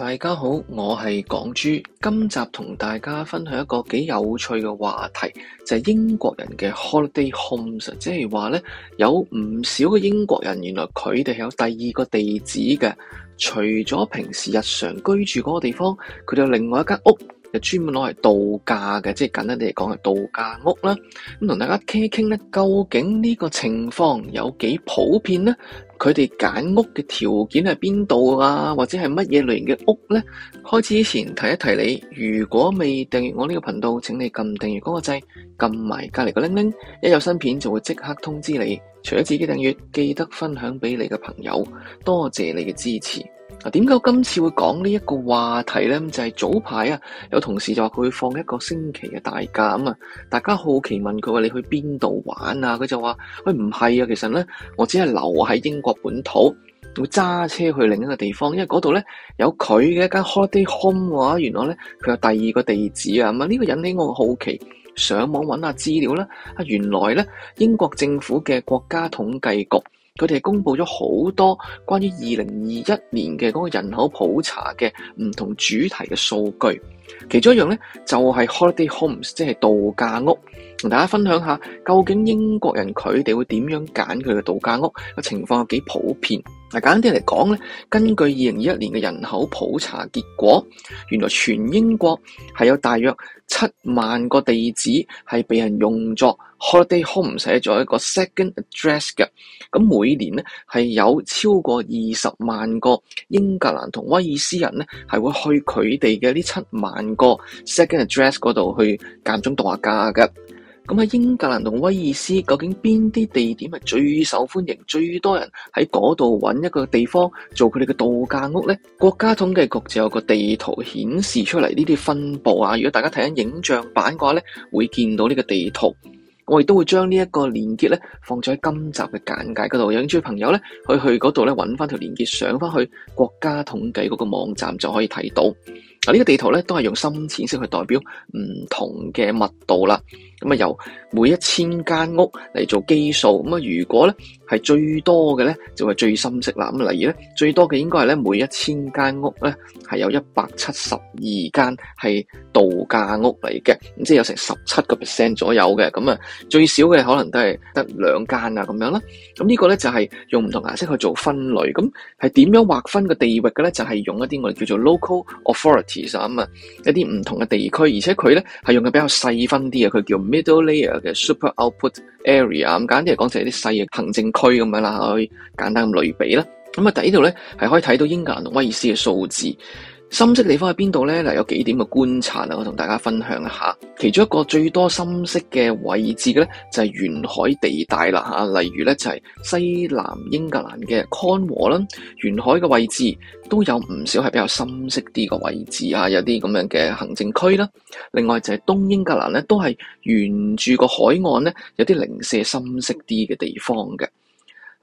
大家好，我係港豬，今集同大家分享一個幾有趣嘅話題，就係英國人嘅 holiday homes，即係話呢，有唔少嘅英國人，原來佢哋係有第二個地址嘅，除咗平時日常居住嗰個地方，佢哋有另外一間屋。就專門攞嚟度假嘅，即係簡單啲嚟講係度假屋啦。咁同大家傾一傾咧，究竟呢個情況有幾普遍咧？佢哋揀屋嘅條件係邊度啊？或者係乜嘢類型嘅屋咧？開始之前提一提你，如果未訂閱我呢個頻道，請你撳訂閱嗰個掣，撳埋隔籬個鈴鈴，一有新片就會即刻通知你。除咗自己訂閱，記得分享俾你嘅朋友，多謝你嘅支持。嗱，點解今次會講呢一個話題咧？咁就係早排啊，有同事就話佢會放一個星期嘅大假咁啊，大家好奇問佢話你去邊度玩啊？佢就話：喂，唔係啊，其實咧，我只係留喺英國本土，會揸車去另一個地方，因為嗰度咧，有佢嘅一間 holiday home 啊。原來咧，佢有第二個地址啊。咁啊，呢個引起我好奇，上網揾下資料啦。啊，原來咧，英國政府嘅國家統計局。佢哋公布咗好多關於二零二一年嘅嗰個人口普查嘅唔同主題嘅數據，其中一樣咧就係、是、holiday homes，即係度假屋，同大家分享下究竟英國人佢哋會點樣揀佢嘅度假屋個情況有幾普遍。嗱，簡單啲嚟講咧，根據二零二一年嘅人口普查結果，原來全英國係有大約七萬個地址係被人用作。holiday home 寫咗一個 second address 嘅，咁每年咧係有超過二十萬個英格蘭同威爾斯人咧係會去佢哋嘅呢七萬個 second address 嗰度去間中度假㗎。咁喺英格蘭同威爾斯，究竟邊啲地點係最受歡迎、最多人喺嗰度揾一個地方做佢哋嘅度假屋咧？國家統計局就有個地圖顯示出嚟呢啲分佈啊。如果大家睇緊影像版嘅話咧，會見到呢個地圖。我亦都會將呢一個連結咧放咗喺今集嘅簡介嗰度，有興趣朋友咧去去嗰度咧揾翻條連結上翻去國家統計嗰個網站就可以睇到。呢、呢個地圖咧都係用深淺色去代表唔同嘅密度啦。咁啊，由每一千間屋嚟做基數。咁啊，如果咧。係最多嘅咧，就係最深色啦。咁例如咧，最多嘅應該係咧，每一千間屋咧係有一百七十二間係度假屋嚟嘅，咁即係有成十七個 percent 左右嘅。咁啊，最少嘅可能都係得兩間啊，咁樣啦。咁呢個咧就係用唔同顏色去做分類，咁係點樣劃分個地域嘅咧？就係用一啲我哋叫做 local authorities 啊啊一啲唔同嘅地區，而且佢咧係用嘅比較細分啲啊，佢叫 middle layer 嘅 super output area。咁簡單啲嚟講就係啲細嘅行政區咁樣啦，可以簡單咁類比啦。咁啊，喺呢度咧係可以睇到英格蘭同威爾斯嘅數字。深色地方喺邊度咧？嗱，有幾點嘅觀察啊，我同大家分享一下。其中一個最多深色嘅位置嘅咧，就係沿海地帶啦吓。例如咧就係西南英格蘭嘅康和啦，沿海嘅位置都有唔少係比較深色啲嘅位置啊，有啲咁樣嘅行政區啦。另外就係東英格蘭咧，都係沿住個海岸咧，有啲零舍深色啲嘅地方嘅。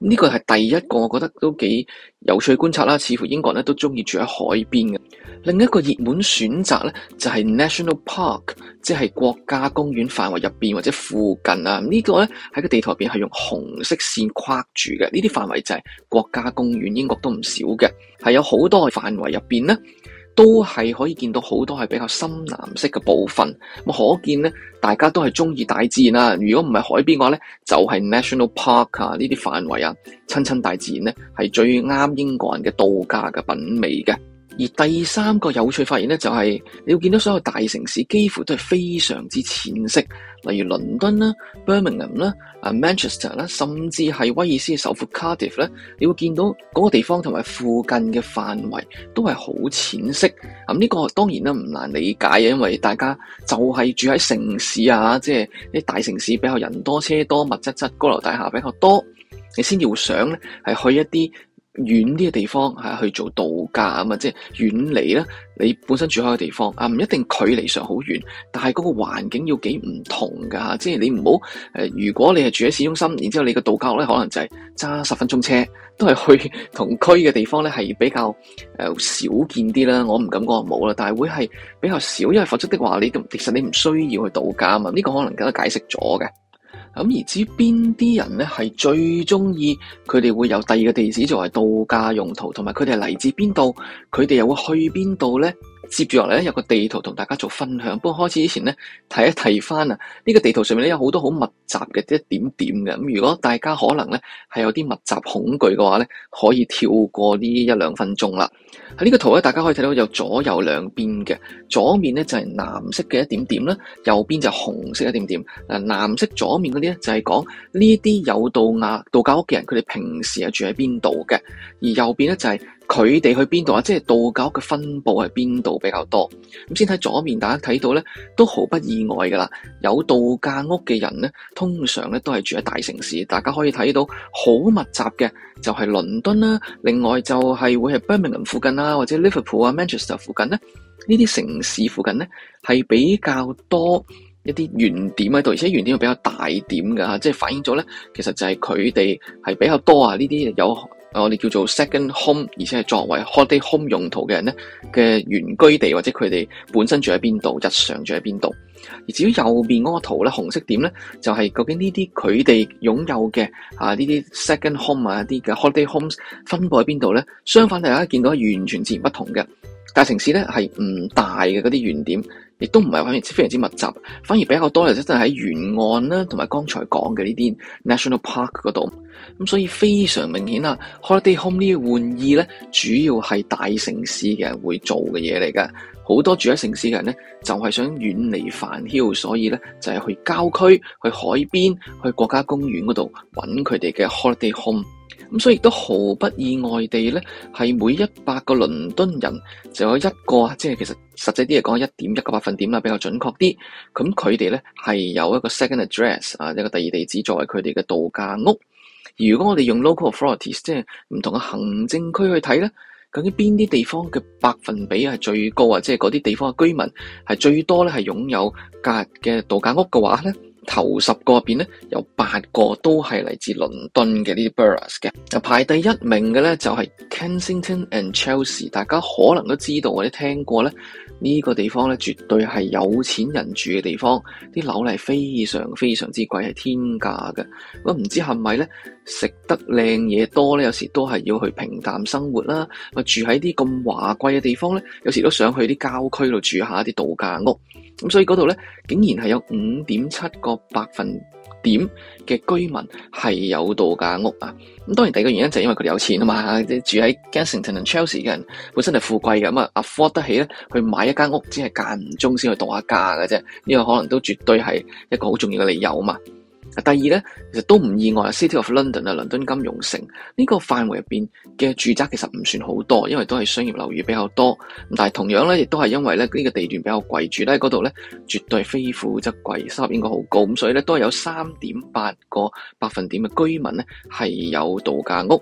呢、這個係第一個，我覺得都幾有趣觀察啦。似乎英國人咧都中意住喺海邊嘅。另一個熱門選擇呢，就係、是、National Park，即係國家公園範圍入邊或者附近啊。呢、這個呢，喺個地圖入邊係用紅色線框住嘅。呢啲範圍就係國家公園，英國都唔少嘅，係有好多範圍入邊呢。都係可以見到好多係比較深藍色嘅部分，咁可見咧，大家都係中意大自然啦、啊。如果唔係海邊嘅話咧，就係、係、national park 啊呢啲範圍啊，親親大自然咧，係最啱英國人嘅度假嘅品味嘅。而第三個有趣發現咧、就係，就係你會見到所有大城市幾乎都係非常之淺色，例如倫敦啦、Birmingham 啦、啊 Manchester 啦，甚至係威爾斯嘅首府 Cardiff 咧，你會見到嗰個地方同埋附近嘅範圍都係好淺色。咁、這、呢個當然啦，唔難理解因為大家就係住喺城市啊，即係啲大城市比較人多車多、密質質、高樓大廈比較多，你先要想咧係去一啲。遠啲嘅地方吓去做度假啊嘛，即係遠離啦，你本身住開嘅地方啊，唔一定距離上好遠，但係嗰個環境要幾唔同噶吓，即係你唔好誒，如果你係住喺市中心，然之後你個度假屋可能就係揸十分鐘車，都係去同區嘅地方咧係比較誒少、呃、見啲啦，我唔敢講冇啦，但係會係比較少，因為否則的話你其實你唔需要去度假啊嘛，呢、這個可能更加解釋咗嘅。咁而知邊啲人咧係最中意佢哋會有第二個地址作為度假用途，同埋佢哋係嚟自邊度，佢哋又會去邊度咧？接住落嚟咧，有個地圖同大家做分享。不過開始之前咧，睇一睇翻啊，呢個地圖上面咧有好多好密集嘅一點點嘅。咁如果大家可能咧係有啲密集恐懼嘅話咧，可以跳過呢一兩分鐘啦。喺呢個圖咧，大家可以睇到有左右兩邊嘅。左面咧就係藍色嘅一點點啦，右邊就紅色一點點。啊，藍色左面嗰啲咧就係講呢啲有度假度假屋嘅人，佢哋平時係住喺邊度嘅，而右邊咧就係，佢哋去邊度啊？即係度假屋嘅分佈喺邊度比較多？咁先睇左面，大家睇到咧都毫不意外㗎啦。有度假屋嘅人咧，通常咧都係住喺大城市。大家可以睇到好密集嘅，就係倫敦啦。另外就係會係 Birmingham 附近啦，或者 Liverpool 啊、Manchester 附近咧，呢啲城市附近咧係比較多一啲原點喺度，而且原點係比較大點㗎吓。即係反映咗咧，其實就係佢哋係比較多啊呢啲有。我哋叫做 second home，而且係作為 holiday home 用途嘅人咧嘅原居地或者佢哋本身住喺邊度，日常住喺邊度。而至於右邊嗰個圖咧，紅色點咧就係、是、究竟呢啲佢哋擁有嘅啊呢啲 second home 啊一啲嘅 holiday homes 分布喺邊度咧？相反，大家見到係完全截然不同嘅，大城市咧係唔大嘅嗰啲圓點。亦都唔係非常之密集，反而比較多就真係喺沿岸啦，同埋剛才講嘅呢啲 national park 嗰度。咁所以非常明顯啦，holiday home 呢個玩意咧，主要係大城市嘅人會做嘅嘢嚟噶。好多住喺城市嘅人咧，就係、是、想遠離煩囂，所以咧就係、是、去郊區、去海邊、去國家公園嗰度揾佢哋嘅 holiday home。咁、嗯、所以亦都毫不意外地咧，係每一百個倫敦人就有一個，即係其實實際啲嚟講，一點一個百分點啦，比較準確啲。咁佢哋咧係有一個 second address 啊，一個第二地址作為佢哋嘅度假屋。而如果我哋用 local authorities，即係唔同嘅行政區去睇咧。究竟邊啲地方嘅百分比係最高啊？即係嗰啲地方嘅居民係最多咧，係擁有隔嘅度假屋嘅話咧，頭十個入面咧有八個都係嚟自倫敦嘅呢啲 boroughs 嘅。排第一名嘅咧就係 Kensington and Chelsea，大家可能都知道或者聽過咧。呢個地方咧，絕對係有錢人住嘅地方，啲樓咧係非常非常之貴，係天價嘅。咁唔知係咪咧？食得靚嘢多咧，有時都係要去平淡生活啦。住喺啲咁華貴嘅地方咧，有時都想去啲郊區度住下啲度假屋。咁所以嗰度咧，竟然係有五點七個百分。點嘅居民係有度假屋啊？咁當然第二個原因就係因為佢哋有錢啊嘛！住喺 Kensington and Chelsea 嘅人本身係富貴嘅，咁啊 afford 得起咧去買一間屋，只係間唔中先去度假嘅啫。呢個可能都絕對係一個好重要嘅理由啊嘛！第二咧，其實都唔意外啊。City of London 啊，倫敦金融城呢個範圍入邊嘅住宅其實唔算好多，因為都係商業樓宇比較多。咁但係同樣咧，亦都係因為咧呢個地段比較貴，住喺嗰度咧絕對非富則貴，收入應該好高，咁所以咧都係有三點八個百分點嘅居民咧係有度假屋。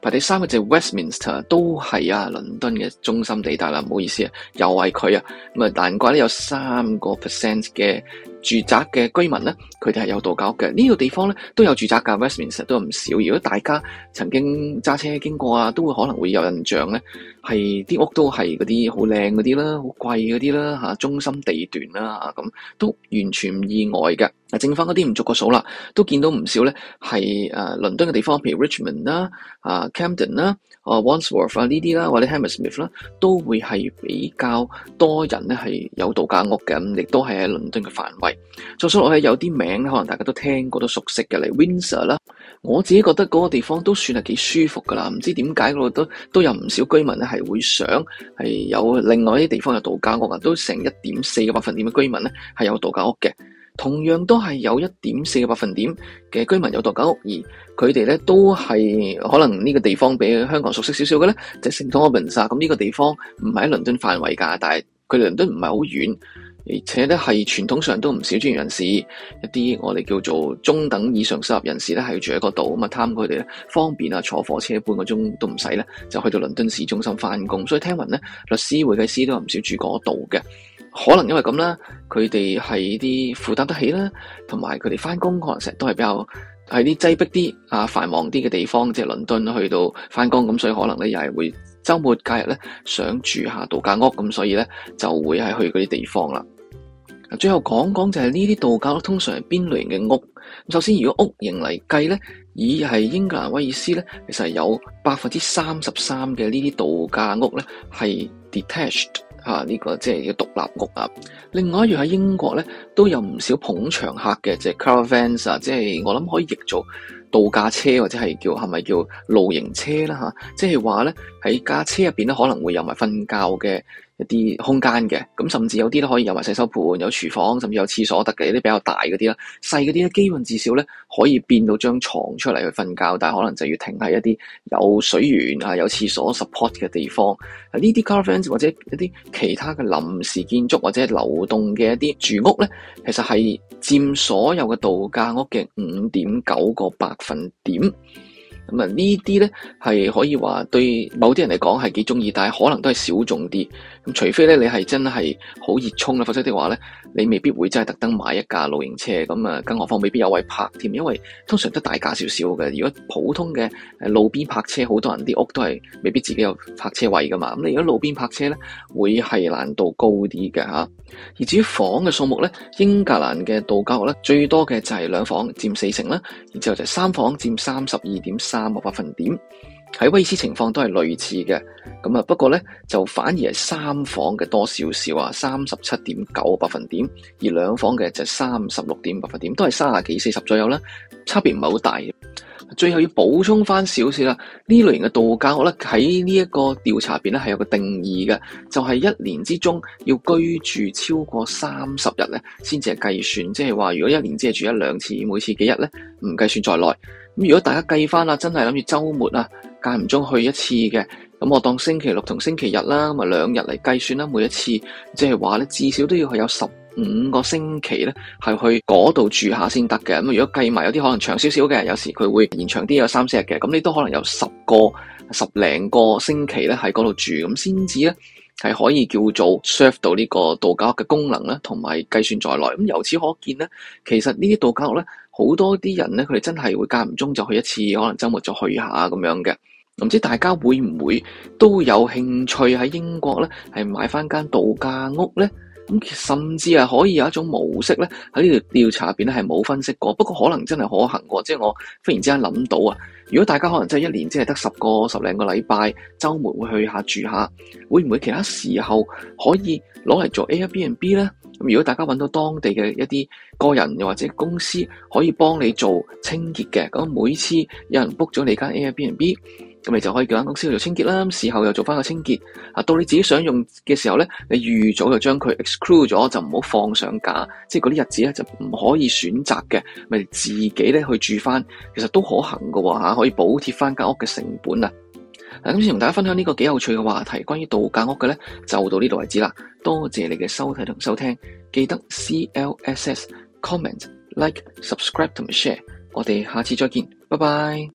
排第三嘅就係 Westminster，都係啊，倫敦嘅中心地帶啦。唔好意思啊，又係佢啊，咁啊難怪咧有三個 percent 嘅，住宅嘅居民咧，佢哋係有度假屋嘅。呢、這個地方咧都有住宅㗎，Westminster 都有唔少。如果大家曾經揸車經過啊，都會可能會有印象咧，係啲屋都係嗰啲好靚嗰啲啦，好貴嗰啲啦吓中心地段啦、啊、嚇，咁都完全唔意外嘅。啊，剩翻嗰啲唔足個數啦，都見到唔少咧係誒倫敦嘅地方，譬如 Richmond 啦、啊、啊 Camden 啦、啊、啊 Wandsworth 啊呢啲啦，或者 Hammersmith 啦、啊，都會係比較多人咧係有度假屋嘅，亦都係喺倫敦嘅範圍。再數落去有啲名可能大家都聽過都熟悉嘅嚟，Windsor 啦，例如 Windsor, 我自己覺得嗰個地方都算係幾舒服噶啦，唔知點解我覺得都有唔少居民咧係會想係有另外啲地方有度假屋啊，都成一點四個百分點嘅居民咧係有度假屋嘅，同樣都係有一點四個百分點嘅居民有度假屋而佢哋咧都係可能呢個地方比香港熟悉少少嘅咧就 St Albans 啊，咁呢個地方唔係喺倫敦範圍噶，但係佢離倫敦唔係好遠。而且咧，係傳統上都唔少專業人士，一啲我哋叫做中等以上收入人士咧，係住喺嗰度咁啊，貪佢哋咧方便啊，坐火車半個鐘都唔使咧，就去到倫敦市中心翻工。所以聽聞咧，律師、會計師都唔少住嗰度嘅，可能因為咁啦，佢哋係啲負擔得起啦，同埋佢哋翻工可能成日都係比較喺啲擠迫啲啊、繁忙啲嘅地方，即係倫敦去到翻工咁，所以可能咧又係會週末假日咧想住下度假屋咁，所以咧就會係去嗰啲地方啦。最後講講就係呢啲度假屋通常係邊類型嘅屋。首先如果屋型嚟計咧，以係英格蘭威爾斯咧，其實有百分之三十三嘅呢啲度假屋咧係 detached 吓、這個，呢個即係叫獨立屋啊。另外一樣喺英國咧都有唔少捧場客嘅、就是，即係 caravans 啊，即係我諗可以譯做度假車或者係叫係咪叫露營車啦吓，即係話咧喺架車入邊咧可能會有埋瞓覺嘅。一啲空間嘅，咁甚至有啲咧可以有埋洗手盆，有廚房，甚至有廁所得嘅，有啲比較大嗰啲啦，細嗰啲咧基本至少咧可以變到張牀出嚟去瞓覺，但係可能就要停喺一啲有水源啊、有廁所 support 嘅地方。呢啲 caravan 或者一啲其他嘅臨時建築或者流動嘅一啲住屋咧，其實係佔所有嘅度假屋嘅五點九個百分點。咁啊，呢啲呢，係可以話對某啲人嚟講係幾中意，但係可能都係小眾啲。咁除非呢你係真係好熱衷啦，否則的話呢，你未必會真係特登買一架露營車。咁啊，更何況未必有位泊添，因為通常都大架少少嘅。如果普通嘅路邊泊車，好多人啲屋都係未必自己有泊車位噶嘛。咁你如果路邊泊車呢，會係難度高啲嘅嚇。而至於房嘅數目呢，英格蘭嘅度假屋呢，最多嘅就係兩房佔四成啦，然之後就三房佔三十二點三個百分點，喺威斯情況都係類似嘅，咁啊，不過呢，就反而係三房嘅多少少啊，三十七點九個百分點，而兩房嘅就三十六點百分點，都係三十幾四十左右啦，差別唔係好大。最後要補充翻，少少啦，呢類型嘅度假屋咧喺呢一個調查邊咧係有個定義嘅，就係一年之中要居住超過三十日呢，先至係計算，即係話如果一年只係住一兩次，每次幾日呢，唔計算在內。咁如果大家計翻啦，真係諗住週末啊，間唔中去一次嘅，咁我當星期六同星期日啦，咁啊兩日嚟計算啦，每一次即係話咧，至少都要去有十五個星期咧，係去嗰度住下先得嘅。咁如果計埋有啲可能長少少嘅，有時佢會延長啲有三四日嘅，咁你都可能有十個十零個星期咧喺嗰度住，咁先至咧係可以叫做 serve 到呢個度假屋嘅功能啦，同埋計算在內。咁由此可見咧，其實呢啲度假屋咧。好多啲人咧，佢哋真係會間唔中就去一次，可能週末就去下咁樣嘅。唔知大家會唔會都有興趣喺英國咧，係買翻間度假屋咧？咁甚至係，可以有一種模式咧，喺呢條調查入邊咧係冇分析過，不過可能真係可行過。即係、就是、我忽然之間諗到啊，如果大家可能真係一年真係得十個十零個禮拜週末會去下住下，會唔會其他時候可以攞嚟做 Airbnb 咧？如果大家揾到當地嘅一啲個人又或者公司可以幫你做清潔嘅，咁每次有人 book 咗你間 Airbnb，咁你就可以叫間公司去做清潔啦。咁事後又做翻個清潔。啊，到你自己想用嘅時候咧，你預早就將佢 exclude 咗，就唔好放上架，即係嗰啲日子咧就唔可以選擇嘅，咪自己咧去住翻，其實都可行嘅喎嚇，可以補貼翻間屋嘅成本啊。今次同大家分享呢個幾有趣嘅話題，關於度假屋嘅呢，就到呢度為止啦。多謝你嘅收睇同收聽，記得 C L S S comment like subscribe 同 share。我哋下次再見，拜拜。